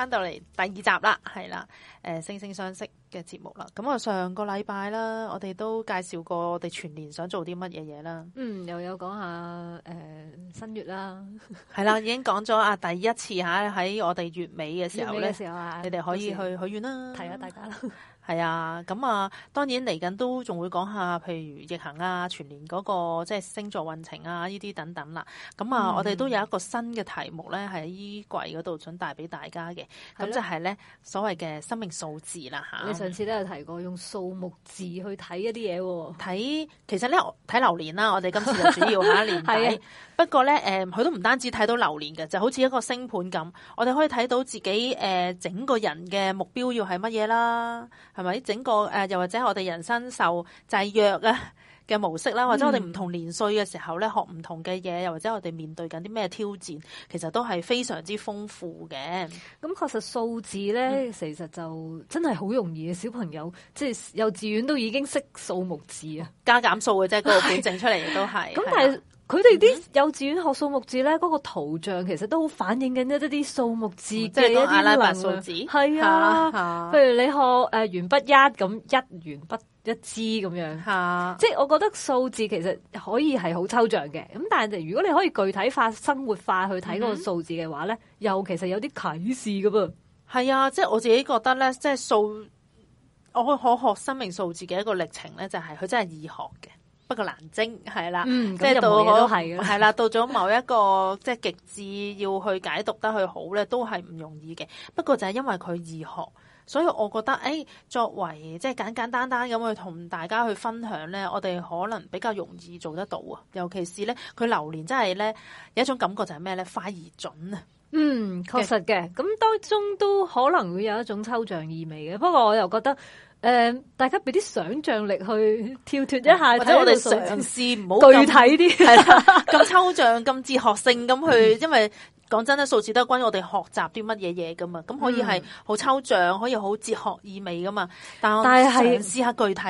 翻到嚟第二集啦，係啦，誒、呃、星聲相析嘅節目啦。咁啊，上個禮拜啦，我哋都介紹過我哋全年想做啲乜嘢嘢啦。嗯，又有講下誒新月啦，係啦，已經講咗啊， 第一次嚇喺我哋月尾嘅時候咧、啊，你哋可以去許願啦，提下、啊、大家啦。 係啊，咁啊，當然嚟緊都仲會講下，譬如逆行啊，全年嗰、嗰個即係星座運程啊，呢啲等等啦。咁啊，啊嗯、我哋都有一個新嘅題目咧，喺衣櫃嗰度想帶俾大家嘅，咁就係咧所謂嘅生命數字啦吓。你上次都有提過用數目字去睇一啲嘢、啊，睇其實咧睇流年啦，我哋今次就主要下一年係， 不過咧誒佢都唔單止睇到流年嘅，就好似一個星盤咁，我哋可以睇到自己誒、呃、整個人嘅目標要係乜嘢啦。係咪整個誒，又、呃、或者我哋人生受制約啊嘅模式啦，或者我哋唔同年歲嘅時候咧、嗯，學唔同嘅嘢，又或者我哋面對緊啲咩挑戰，其實都係非常之豐富嘅。咁、嗯、確實數字咧，其實就真係好容易嘅。小朋友即係、就是、幼稚園都已經識數目字啊，加減數嘅啫，嗰、那個表證出嚟都係。咁 但係。佢哋啲幼稚園學數目字咧，嗰、那個圖像其實都好反映緊一啲啲數目字嘅一啲能力。係、嗯就是、啊，啊，啊，譬如你學誒鉛筆一咁一鉛筆一支咁樣。吓、啊，即係我覺得數字其實可以係好抽象嘅。咁但係如果你可以具體化、生活化去睇嗰個數字嘅話咧、嗯，又其實有啲啟示噶噃。係啊，即係我自己覺得咧，即係數，我可以學生命數字嘅一個歷程咧，就係佢真係易學嘅。不過難精，係啦，即、嗯、係、就是、到可係啦，到咗某一個即係極致，要去解讀得去好咧，都係唔容易嘅。不過就係因為佢易學，所以我覺得，誒、哎、作為即係、就是、簡簡單單咁去同大家去分享咧，我哋可能比較容易做得到啊。尤其是咧，佢流年真係咧有一種感覺就係咩咧，快而準啊。嗯，確實嘅。咁當中都可能會有一種抽象意味嘅。不過我又覺得。誒、uh，大家俾啲想象力去跳脫一下、嗯，或者我哋嘗試唔好具體啲， 係啦，咁抽象、咁 哲學性咁去，因為。講真咧，數字都係關於我哋學習啲乜嘢嘢噶嘛，咁可以係好抽象，可以好哲學意味噶嘛。但係嘗試下具體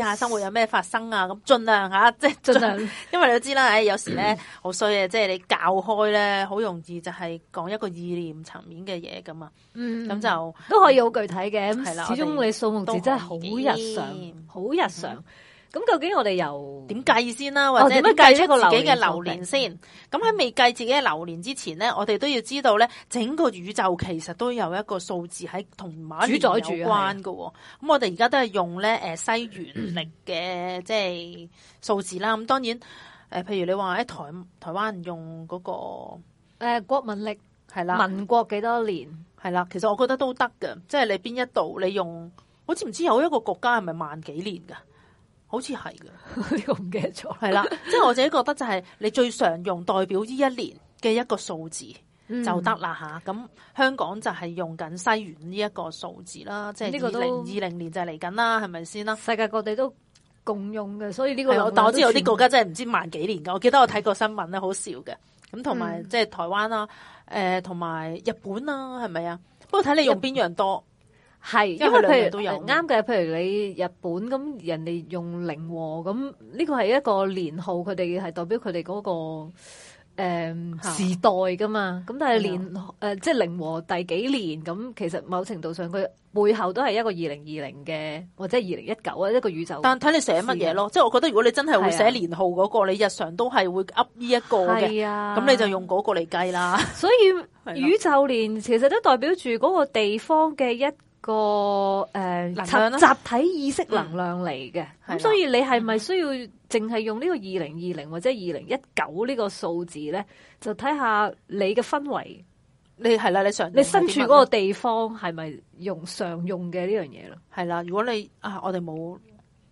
啲，生活有咩發生啊，咁盡量吓，即係盡量。因為你都知啦，誒，有時咧好衰啊，即、嗯、係你教開咧，好容易就係講一個意念層面嘅嘢噶嘛就。嗯，咁就都可以好具體嘅，係啦。始終你數目字真係好日常，好日常。咁究竟我哋又點計先啦、啊？或者計一個自己嘅流年先。咁喺未計自己嘅流年之前咧，我哋都要知道咧，整個宇宙其實都有一個數字喺同埋主宰有關喎。咁我哋而家都係用咧，誒西元曆嘅即係數字啦。咁當然，誒、呃、譬如你話喺台台灣用嗰、那個誒、呃、國民曆，係啦，民國幾多年係啦。其實我覺得都得㗎。即、就、係、是、你邊一度你用，我知唔知有一個國家係咪萬幾年㗎？好似係嘅，呢 個唔記得咗。係 啦，即、就、係、是、我自己覺得就係你最常用代表呢一年嘅一個數字就得啦吓。咁、嗯啊、香港就係用緊西元呢一個數字啦，即係二零二零年就嚟緊啦，係咪先啦？世界各地都共用嘅，所以呢個。但我知道有啲國家真係唔知萬幾年噶。我記得我睇過新聞咧、嗯，好少嘅。咁同埋即係台灣啦、啊，誒、呃，同埋日本啦、啊，係咪啊？不過睇你用邊樣多。係，因為譬如啱嘅，譬如你日本咁，人哋用令和咁，呢個係一個年號，佢哋係代表佢哋嗰個誒、嗯、時代噶嘛。咁但係年誒、呃、即係令和第幾年咁，其實某程度上佢背後都係一個二零二零嘅，或者二零一九啊一個宇宙。但睇你寫乜嘢咯，即係我覺得如果你真係會寫年號嗰、那個，你日常都係會 up 呢一個嘅，咁你就用嗰個嚟計啦。所以宇宙年其實都代表住嗰個地方嘅一。個誒、呃、集體體意識能量嚟嘅，咁、嗯、所以你係咪需要淨係用呢個二零二零或者二零一九呢個數字咧？就睇下你嘅氛圍，你係啦，你常你身處嗰個地方係咪用常用嘅呢樣嘢咯？係啦，如果你啊，我哋冇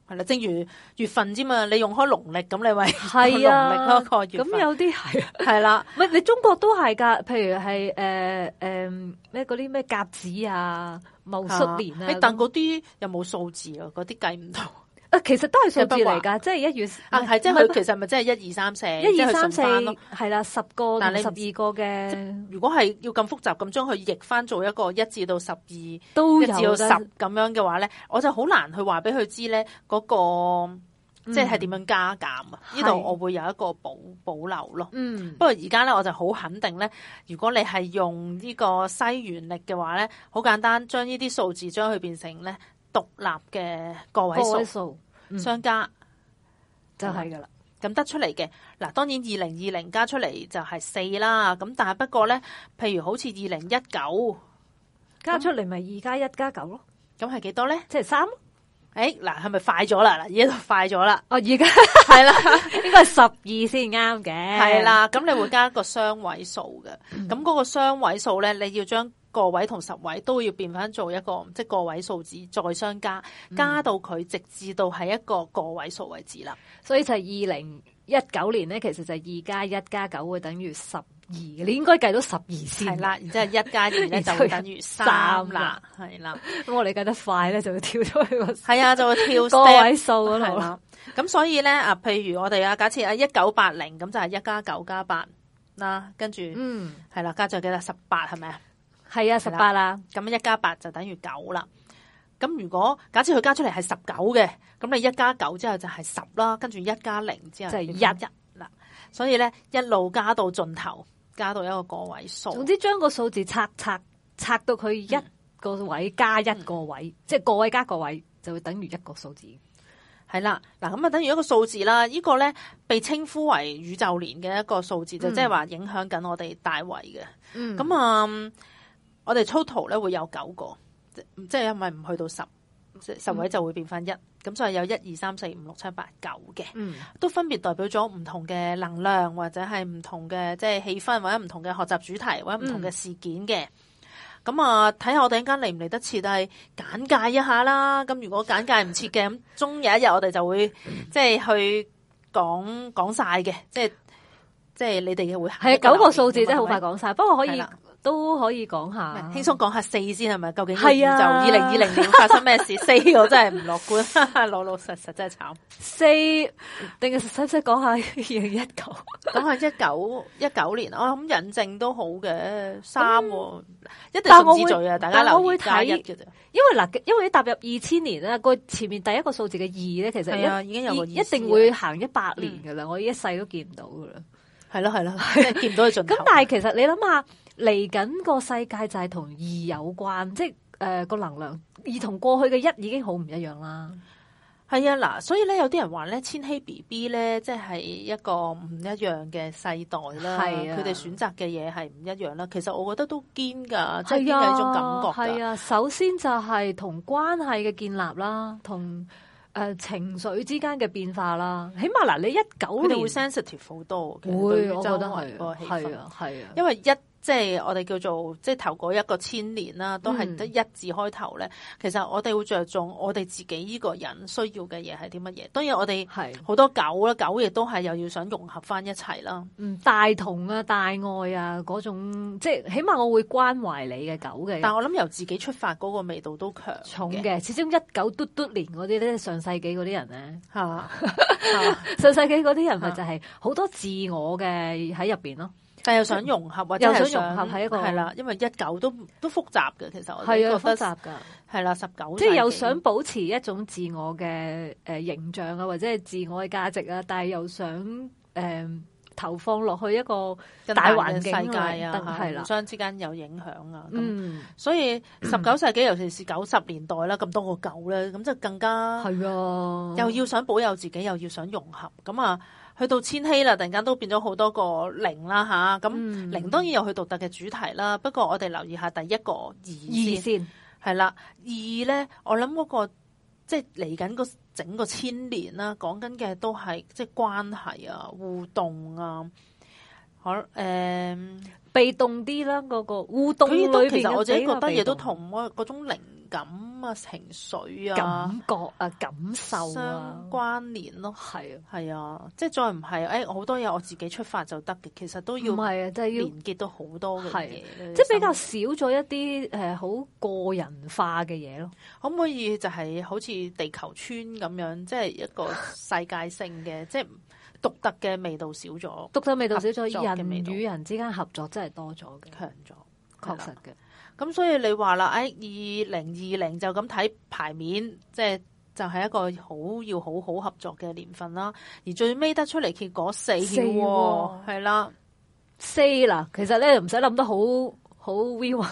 係啦，正如月份啫嘛，你用開農曆咁，你咪係呀，農曆咯， 個月咁有啲係，係 啦是的，唔係 你中國都係噶，譬如係誒誒咩嗰啲咩甲子啊。冇十年啦、啊，你但嗰啲又冇數字啊，嗰啲計唔到。啊，其實都係數字嚟噶，即係一月啊，係即係佢其實咪即係一二三四一二三四咯，係啦，十個、但你十二個嘅。如果係要咁複雜咁將佢譯翻做一個一至到十二，都有十咁樣嘅話咧，我就好難去話俾佢知咧嗰個。嗯、即係點樣加減啊？呢度，我會有一個保保留咯。嗯。不過而家咧，我就好肯定咧。如果你係用呢個西元曆嘅話咧，好簡單將，將呢啲數字將佢變成咧獨立嘅個位數、嗯、相加，就係噶啦。咁、啊、得出嚟嘅，嗱，當然二零二零加出嚟就係四啦。咁但係不過咧，譬如好似二零一九加出嚟咪二加一加九咯。咁係幾多咧？即係三。誒、哎，嗱，係咪快咗啦？嗱，而家就快咗啦。哦，而家係啦， 應該係十二先啱嘅。係啦，咁你會加一個雙位數嘅。咁 嗰個雙位數咧，你要將個位同十位都要變翻做一個，即係個位數字再相加，加到佢直至到係一個個位數為止啦。所以就係二零一九年咧，其實就係二加一加九會等於十，二，你應該計到十二先係啦。然之後一加二咧就，是、就等於三啦，係啦。咁 我哋計得快咧，就會跳出去個係啊，就會、是、跳多位數啦。咁所以咧啊，譬如我哋啊、嗯，假設啊一九八零咁就係一加九加八啦，跟住嗯係啦，加咗幾多？十八係咪啊？係啊，十八啦。咁一加八就等於九啦。咁如果假設佢加出嚟係十九嘅，咁你一加九之後就係十啦，跟住一加零之後即係一一啦。所以咧一路加到盡頭。加到一個個位數，總之將個數字拆拆拆到佢一個位加一個位，嗯嗯、即係個位加個位就會等於一個數字。係、嗯、啦，嗱咁啊等於一個數字啦。這個、呢個咧被稱呼為宇宙年嘅一個數字、嗯，就即係話影響緊我哋大位嘅。咁、嗯、啊、嗯，我哋粗圖咧會有九個，即係即係，咪唔去到十，十位就會變翻一。嗯咁就係有一二三四五六七八九嘅，都分別代表咗唔同嘅能量或者係唔同嘅即係氣氛或者唔同嘅學習主題或者唔同嘅事件嘅。咁、嗯、啊，睇下我哋陣間嚟唔嚟得切，但係簡介一下啦。咁如果簡介唔切嘅，咁終有一日我哋就會即係去講講晒嘅，即係即係你哋嘅會係九個數字真係好快講晒，不過可以。都可以講下，輕鬆講下四先係咪？究竟就二零二零年發生咩事四、啊、我真係唔樂觀， 老老實實真係慘。四，定係使唔使講下二零一九？講下一九一九年，我諗引證都好嘅。三、哦嗯，一定唔止在嘅，大家留意，加一嘅啫。因為嗱，因為踏入二千年啦，個前面第一個數字嘅二咧，其實、啊、已經有個意思，一定會行一百年噶啦、嗯。我一世都見唔到噶啦，係咯係咯，了 見唔到嘅盡頭。咁但係其實你諗下。嚟緊個世界就係同二有關，即係、呃那個能量二同過去嘅一已經好唔一樣啦。係啊，嗱，所以咧有啲人話咧，千禧 B B 咧，即係一個唔一樣嘅世代啦。係啊，佢哋選擇嘅嘢係唔一樣啦。其實我覺得都堅㗎，即係堅呢種感覺。係啊，首先就係同關係嘅建立啦，同、呃、情緒之間嘅變化啦。起碼嗱，你一九年會 sensitive 好多，會我覺得係啊，係啊，因為一。即係我哋叫做即係頭過一個千年啦，都係得一字開頭咧，嗯。其實我哋會着重我哋自己依個人需要嘅嘢係啲乜嘢？當然我哋係好多狗啦，狗亦都係又要想融合翻一齊啦。大同啊，大愛啊，嗰種即係起碼我會關懷你嘅狗嘅。但我諗由自己出發嗰個味道都強重嘅。始終一九嘟嘟年嗰啲咧，上世紀嗰啲人咧 是吧 上世紀嗰啲人咪就係好多自我嘅喺入邊咯。但又想融合，或者係融合喺一個係啦，因為一九都都複雜嘅，其實我係啊，複雜噶係啦，十九即係又想保持一種自我嘅誒、呃、形象啊，或者係自我嘅價值啊，但係又想誒、呃、投放落去一個大環境大的世界啊，係啦，互相之間有影響啊。嗯，咁所以、嗯、十九世紀尤其是九十年代啦，咁多個九咧，咁就更加係啊，又要想保有自己，又要想融合咁啊。去到千禧啦，突然間都變咗好多個零啦吓，咁、嗯、零當然有佢獨特嘅主題啦。不過我哋留意下第一個二先，係啦二咧，我諗嗰、那個即係嚟緊整個千年啦、啊，講緊嘅都係即係關係啊、互動啊，好、嗯、誒，被動啲啦嗰、那個互動其實我自己覺得亦都同我嗰種零。感啊，情緒啊，感覺啊，感受、啊、相關聯咯，係啊，係啊，即係再唔係，誒、哎，好多嘢我自己出發就得嘅，其實都要唔係，但係、啊就是、要連結到好多嘅嘢、啊，即係比較少咗一啲誒好個人化嘅嘢咯。可唔可以就係好似地球村咁樣，即係一個世界性嘅， 即係獨特嘅味道少咗，獨特味道少咗，人與人之間合作真係多咗嘅，強咗，確實嘅。咁、嗯、所以你話啦，誒、哎，二零二零就咁睇牌面，即係就係、是、一個好要好好合作嘅年份啦。而最尾得出嚟結果、哦、四、哦，係啦，四啦。其實咧唔使諗得好好 view，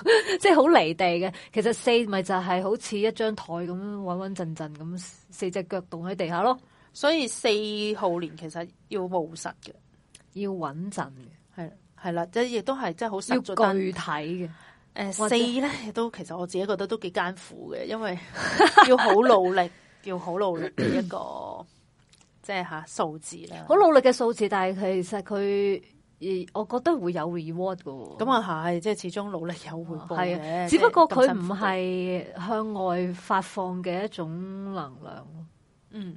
即係好離地嘅。其實四咪就係好似一張台咁穩穩陣陣咁，四隻腳動喺地下咯。所以四號年其實要務實嘅，要穩陣嘅，係啦，係啦，即係亦都係即係好要具體嘅。誒、呃，四呢都其實我自己覺得都幾艱苦嘅，因為要好努力， 要好努力嘅一個，即係吓數字啦，好努力嘅數字，但係其實佢，我覺得會有 reward 㗎，咁啊係，即係始終努力有回報嘅、哦，只不過佢唔係向外發放嘅一種能量，嗯，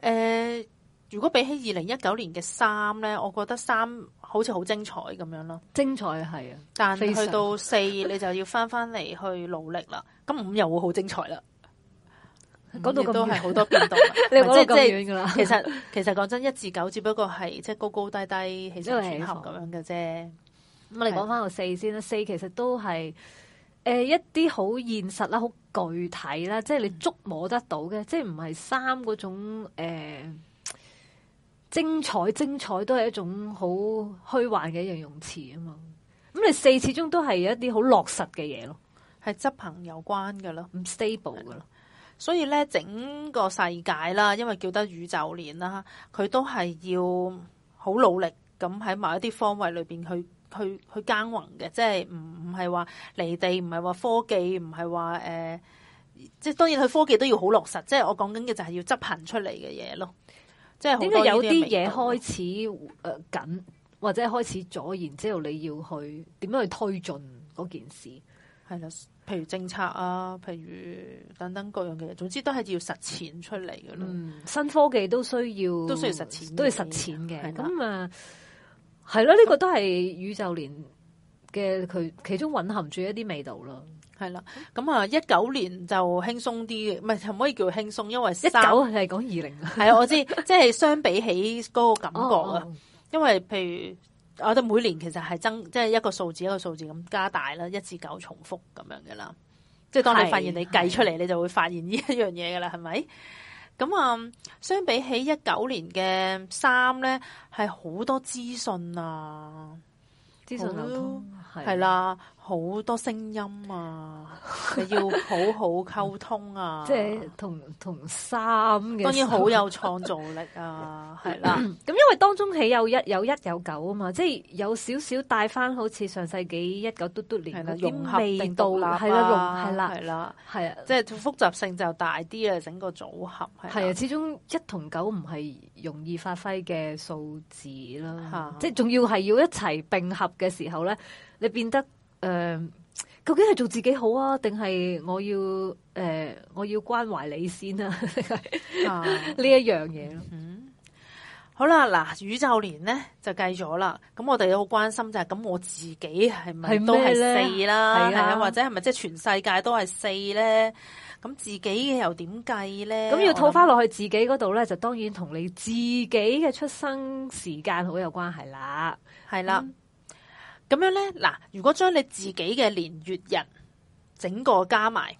誒、呃。如果比起二零一九年嘅三咧，我覺得三好似好精彩咁樣咯，精彩係啊。但你去到四，你就要翻翻嚟去努力啦。咁 五又會好精彩啦。講到、嗯、都係好多變動， 你講得咁遠噶啦。其實其實講真，一至九只不過係即係高高低低 合起上轉下咁樣嘅啫。咁我哋講翻個四先啦。四其實都係誒、呃、一啲好現實啦，好具體啦，即係你捉摸得到嘅、嗯，即係唔係三嗰種誒。呃精彩，精彩都係一種好虛幻嘅形容詞啊嘛！咁你四始終都係有一啲好落實嘅嘢咯，係執行有關嘅咯，唔 stable 嘅咯的。所以咧，整個世界啦，因為叫得宇宙年啦，佢都係要好努力咁喺某一啲方位裏邊去去去耕耘嘅，即係唔唔係話離地，唔係話科技，唔係話誒，即係當然佢科技都要好落實，即係我講緊嘅就係要執行出嚟嘅嘢咯。即應該有啲嘢開始誒緊、呃呃，或者開始咗，然之後你要去點樣去推進嗰件事，係啦，譬如政策啊，譬如等等各樣嘅嘢，總之都係要實踐出嚟噶啦。新科技都需要，都需要實踐，都要實踐嘅。咁啊，係咯，呢、呢個都係宇宙年嘅佢其中蘊含住一啲味道咯。嗯係啦，咁啊一九年就輕鬆啲嘅，唔係可唔可以叫做輕鬆？因為一九你係講二零，係啊，我知，即 係相比起嗰個感覺啊，oh, oh, oh. 因為，譬如我覺得每年其實係增，即係一個數字一個數字咁加大啦，一至九重複咁樣噶啦，即係當你發現你計出嚟，你就會發現呢一樣嘢噶啦，係咪？咁啊、嗯，相比起一九年嘅三咧，係好多資訊啊，資訊流通。係啦，好多聲音啊， 要好好溝通啊，即係同同三嘅。當然好有創造力啊，係 啦。咁因為當中起有一有一有九啊嘛，即係有少少帶返好似上世紀一九嘟嘟年嗰啲味道啦，係啦，係啦，係啦，係啊，即係複雜性就大啲啊，整個組合係啊，始終一同九唔係容易發揮嘅數字啦，即係仲要係要一齊並合嘅時候咧。你變得誒、呃，究竟係做自己好啊，定係我要誒、呃，我要關懷你先啊？呢、 啊、一樣嘢、嗯，嗯，好啦，嗱、呃，宇宙年咧就計咗啦。咁我哋好關心就係，咁我自己係咪都係四啦？係啊，或者係咪即係全世界都係四咧？咁自己嘅又點計咧？咁要套翻落去自己嗰度咧，就當然同你自己嘅出生時間好有關係啦，係啦。嗯咁樣咧，嗱，如果將你自己嘅年月日整個加埋，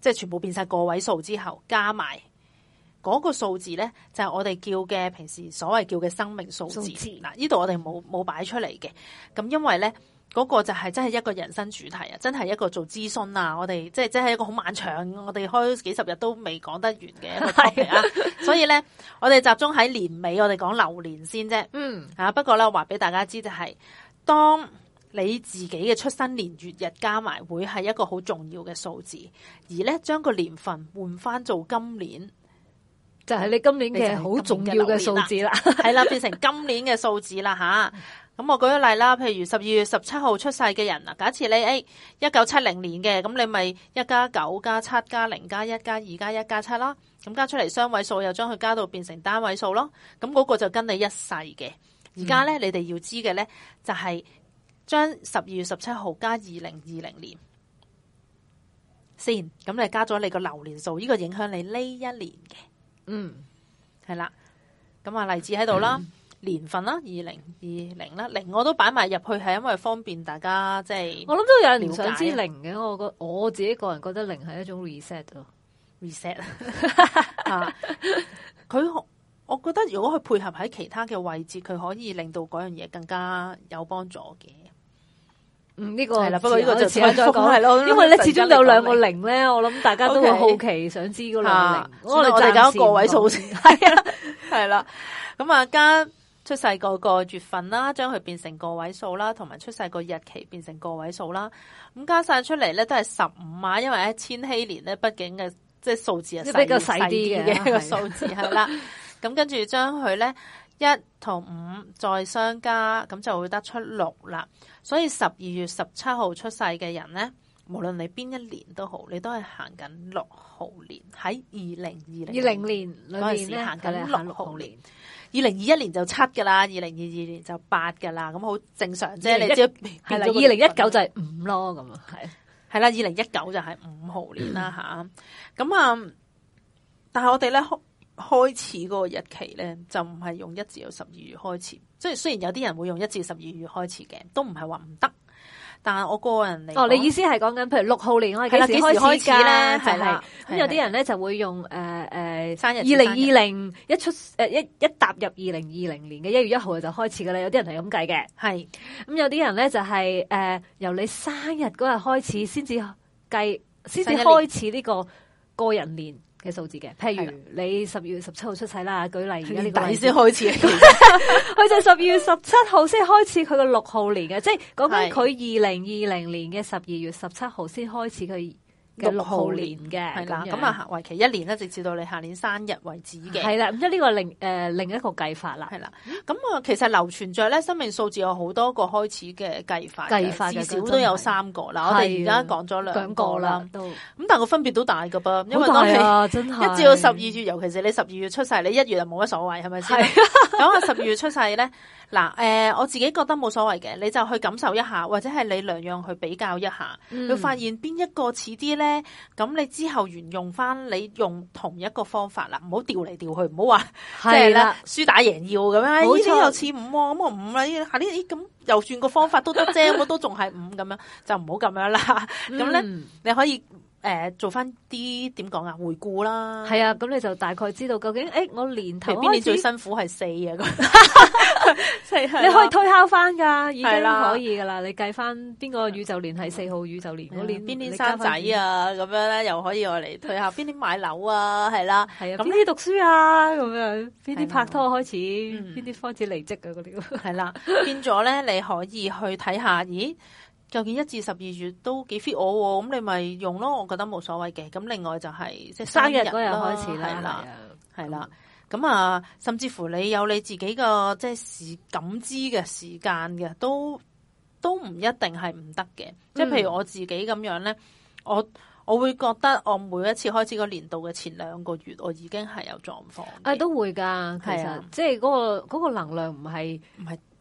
即係全部變晒個位數之後加埋嗰個數字咧，就係我哋叫嘅平時所謂叫嘅生命數字。嗱，呢度我哋冇冇擺出嚟嘅。咁因為咧，嗰個就係真係一個人生主題啊，真係一個做諮詢啊，我哋即係真係一個好漫長，我哋開幾十日都未講得完嘅一個話題啊。 所以咧，我哋集中喺年尾，我哋講流年先啫。嗯，吓，不過咧，話俾大家知就係。當你自己嘅出生年月日加埋，會係一個好重要嘅數字。而呢，將個年份換翻做今年，就係、是、你今年嘅好重要嘅數字啦。係、就、啦、是， 變成今年嘅數字啦吓。咁、啊、我舉一例啦，譬如十二月十七號出世嘅人啊，假設你哎一九七零年嘅，咁你咪一加九加七加零加一加二加一加七啦。咁加出嚟雙位數，又將佢加到變成單位數咯。咁嗰個就跟你一世嘅。而家咧，你哋要知嘅咧，就係將十二月十七號加二零二零年先，咁你加咗你個流年數，呢、這個影響你呢一年嘅。嗯，係啦。咁啊，例子喺度啦，年份啦，二零二零啦，零我都擺埋入去，係因為方便大家，即、就、係、是、我諗都有人、啊、想知道零嘅。我覺我自己個人覺得零係一種 reset r e s e t 啊，佢、啊。 啊我覺得如果佢配合喺其他嘅位置，佢可以令到嗰樣嘢更加有幫助嘅。嗯，呢、這個係啦，不過呢個就遲啲再講係咯。因為咧，始終有兩個零咧，我諗大家都會好奇 okay, 想知嗰兩個零、okay。我哋再搞個位數先，係 啦，係啦。咁 啊，加出世個個月份啦，將佢變成個位數啦，同埋出世個日期變成個位數啦，咁加晒出嚟咧都係十五嘛。因為喺千禧年咧，畢竟嘅即係數字係比較細啲嘅一個數字係啦。 咁跟住將佢咧一同五再相加，咁就會得出六啦。所以十二月十七號出世嘅人咧，無論你邊一年都好，你都係行緊六號年。喺二零二零二零年嗰陣時行緊六號年。二零二一年就七㗎啦，二零二二年就八㗎啦，咁好正常啫。你只係啦，二零一九就係、是、 五咯，咁啊，係係啦，二零一九就係五號年啦，吓，咁啊，但係我哋咧。開始嗰個日期咧，就唔係用一至到十二月開始，即係雖然有啲人會用一至十二月開始嘅，都唔係話唔得，但係我個人嚟，哦，你意思係講緊譬如六號年開幾時開始噶啦，係係，咁、就是、有啲人咧就會用誒誒、呃、生日二零二零一出誒一一踏入二零二零年嘅一月一號就開始噶啦，有啲人係咁計嘅，係，咁有啲人咧就係、是、誒、呃、由你生日嗰日開始先至計，先、嗯、至開始呢個個人年。嘅數字嘅，譬如你十二月十七號出世啦，舉例而家呢個先開始， 佢 就十二月十七號先開始佢個六號年嘅，即係講緊佢二零二零年嘅十二月十七號先開始佢。六號年嘅係啦，咁啊為期一年啦，直至到你下年生日為止嘅係啦，咁即係呢個另誒、呃、另一個計法啦，係啦。咁啊，其實流傳著咧，生命數字有好多個開始嘅計法，計法至少都有三個啦。我哋而家講咗兩個啦，咁但係個分別都大噶噃。好大啊！真係。一至到十二月，尤其是你十二月出世，你一月就冇乜所謂，係咪先？咁啊，十二 月出世咧。嗱、呃，我自己覺得冇所謂嘅，你就去感受一下，或者係你兩樣去比較一下，嗯、會發現邊一個似啲咧？咁你之後沿用翻你用同一個方法啦，唔好調嚟調去，唔好話係啦，輸打贏要咁樣，依啲又似五，咁、欸哦、我五啦呢啲咁又算個方法 都得啫，我都仲係五咁樣，就唔好咁樣啦。咁、嗯、咧你可以。誒、呃，做翻啲點講啊？回顧啦，係啊，咁你就大概知道究竟，誒、欸，我年頭邊年最辛苦係四，那個、 四啊，咁，你可以推敲翻噶，已經可以噶啦、啊。你計翻邊個宇宙年係四號宇宙年，我年邊年生仔啊，咁、啊、樣咧又可以我嚟推下邊啲買樓啊，係啦，係啊，咁啲、啊、讀書啊，咁樣邊啲拍拖開始，邊啲、啊、開始離職啊，嗰啲係啦，啊 是啊、 變咗咧你可以去睇下，咦？究竟一至十二月都幾 fit 我喎、哦？咁你咪用咯，我覺得冇所謂嘅。咁另外就係即係生日嗰日開始係啦，係啦。咁啊，甚至乎你有你自己個即係時感知嘅時間嘅，都都唔一定係唔得嘅。即、嗯、係譬如我自己咁樣咧，我我會覺得我每一次開始個年度嘅前兩個月，我已經係有狀況。誒都會㗎，其實即係嗰、嗰個嗰、嗰個能量唔唔係。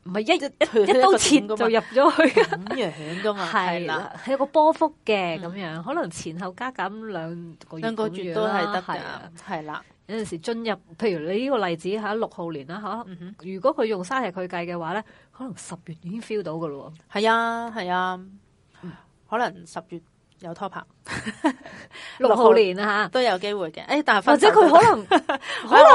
唔係一一,一刀切就入咗去咁樣噶嘛？ 係啦，係有個波幅嘅咁樣，嗯、可能前後加減兩個月兩個月都係得啦。係啦，有陣時進入，譬如你呢個例子吓六、啊、號年啦吓、啊嗯，如果佢用生日佢計嘅話咧，可能十月已經 feel 到噶咯。係啊，係啊，嗯、可能十月有拖拍六 號年啊，都有機會嘅。誒，但係或者佢可能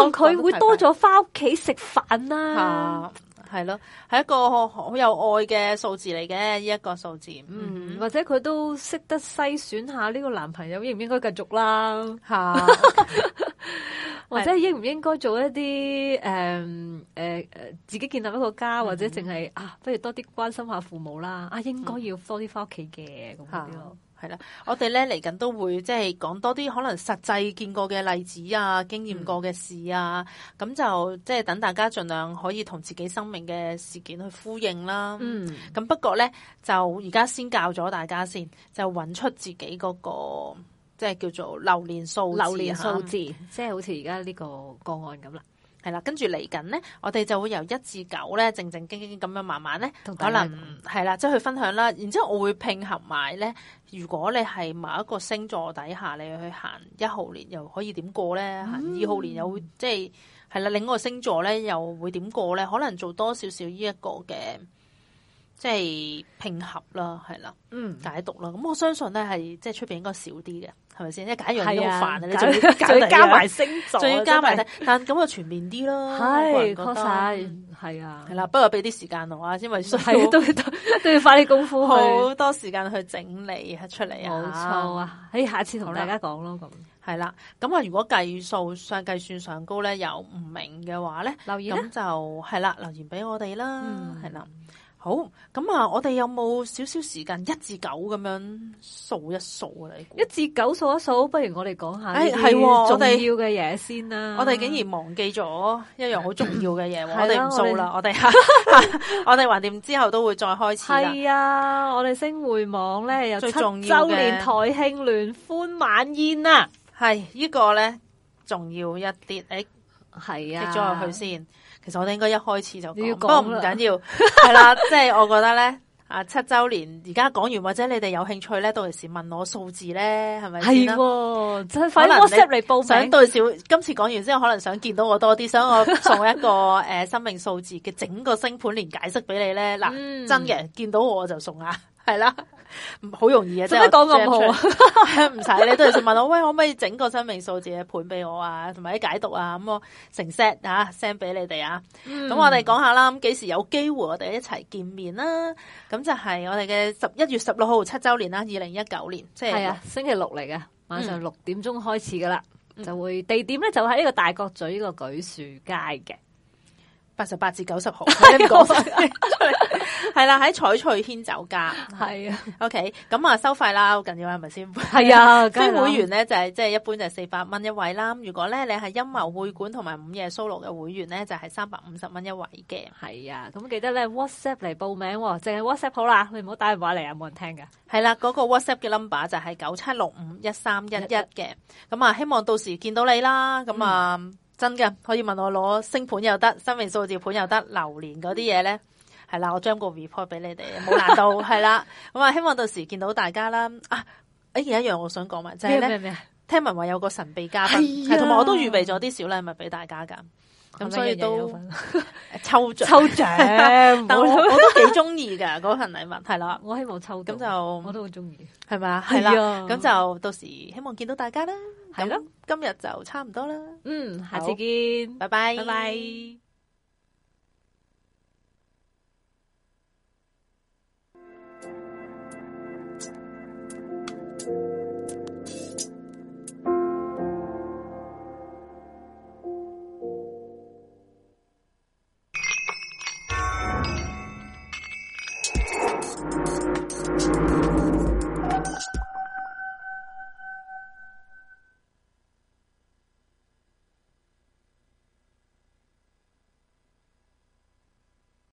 可能佢會多咗翻屋企食飯啦。 啊係咯，係一個好有愛嘅數字嚟嘅，呢一個數字，嗯，或者佢都識得篩選下呢個男朋友應唔應該繼續啦 或者應唔應該做一啲誒誒誒，自己建立一個家，嗯嗯或者淨係啊，不如多啲關心下父母啦，啊，應該要多啲翻屋企嘅咁咯。嗯係啦，我哋咧嚟緊都會即係講多啲可能實際見過嘅例子啊，經驗過嘅事啊，咁、嗯、就即係等大家盡量可以同自己生命嘅事件去呼應啦。咁、嗯、不過咧，就而家先教咗大家先，就揾出自己嗰、那個即係叫做流年數字，流年數字，啊、即係好似而家呢個個案咁啦。係啦，跟住嚟緊咧，我哋就會由一至九咧，正正經經咁樣慢慢咧，可能係啦，即係去分享啦。然之後，我會配合埋咧，如果你係某一個星座底下，你去行一號年又可以點過咧，行、嗯、二號年又會即係係啦，另外個星座咧又會點過咧，可能做多少少呢一個嘅。即係拼合啦，係啦，嗯，解讀啦。咁我相信咧係，即係出面應該少啲嘅，係咪先？即係解嘢都煩啊，你仲要，要加埋、啊、星座，仲要加埋，但咁啊全面啲咯。係、哎，確實係啊。係、啊、啦，不過俾啲時間我啊，因為所以、啊、都要都要花啲功夫，好 多時間去整理出嚟啊。冇錯啊，可以下次同大家講咯。咁係啦，咁啊，如果計數上計算上高咧，又唔明嘅話咧，留言咁就係啦，留言俾我哋啦。係、嗯、啦。好咁啊，我哋有冇少少時間一至九咁樣數一數啊？一至九數一數，不如我哋講下誒、啊，係我哋要嘅嘢先啦。我哋竟然忘記咗一樣好重要嘅嘢、 啊，我哋唔數啦。我哋 我哋橫掂之後都會再開始。係啊，我哋星匯網咧又七周年台慶聯歡晚宴啊，係呢個咧重要、這個，呢要一啲。誒、哎，係啊，接咗落去先。其實我哋應該一開始就講，要不過唔緊要，係 啦，即係我覺得咧，啊七周年而家講完，或者你哋有興趣咧，到時問我數字咧，係咪先啦？係，真可能想到少。 今次講完之後，可能想見到我多啲，想我送一個誒、 呃、生命數字嘅整個星盤連解釋俾你咧，嗱、嗯，真嘅見到我就送啊，係啦。好容易啊！真係講咁好啊，唔使你都係想問我，喂，可唔可以整個生命數字盤俾我啊？同埋啲解讀啊，咁、嗯嗯嗯、我成 set 啊 send 俾你哋啊。咁我哋講下啦，咁幾時有機會我哋一齊見面啦？咁就係我哋嘅十一月十六號七周年啦，二零一九年，即、就、係、是啊、星期六嚟嘅，晚上六點鐘開始噶啦、嗯，就會地點咧就喺呢個大角咀呢個舉樹街嘅八十八至九十號。 說出來笑係啦，喺彩翠軒酒家，係啊，OK，咁啊收費啦，好緊要係咪先？係啊，非、okay, 啊、會員咧就係即係一般就係四百蚊一位啦。如果咧你係陰謀會館同埋午夜 solo 嘅會員咧，就係三百五十蚊一位嘅。係啊，咁記得咧 WhatsApp 嚟報名，淨係 WhatsApp 好啦，你唔好打電話嚟啊，冇人聽噶。係啦，嗰、嗰個 WhatsApp 嘅 number 就係九七六五一三一一嘅。咁、嗯、啊，希望到時見到你啦。咁啊，真嘅可以問我攞星盤又得，生命數字盤又得，流年嗰啲嘢咧。嗯係啦，我將個 report 俾你哋，冇難度，係 啦。咁話希望到時見到大家啦。啊，誒、哎，有一樣我想講埋，就係、是、咧，聽聞話有個神秘嘉賓，係同埋我都預備咗啲小禮物俾大家噶。咁所以都抽獎 抽獎，但係我都幾中意噶嗰份禮物。係啦，我希望抽獎，咁就我都好中意，係嘛，係啦。咁就到時希望見到大家啦。係咯，咁今日就差唔多啦。嗯，下次見，拜拜，拜拜。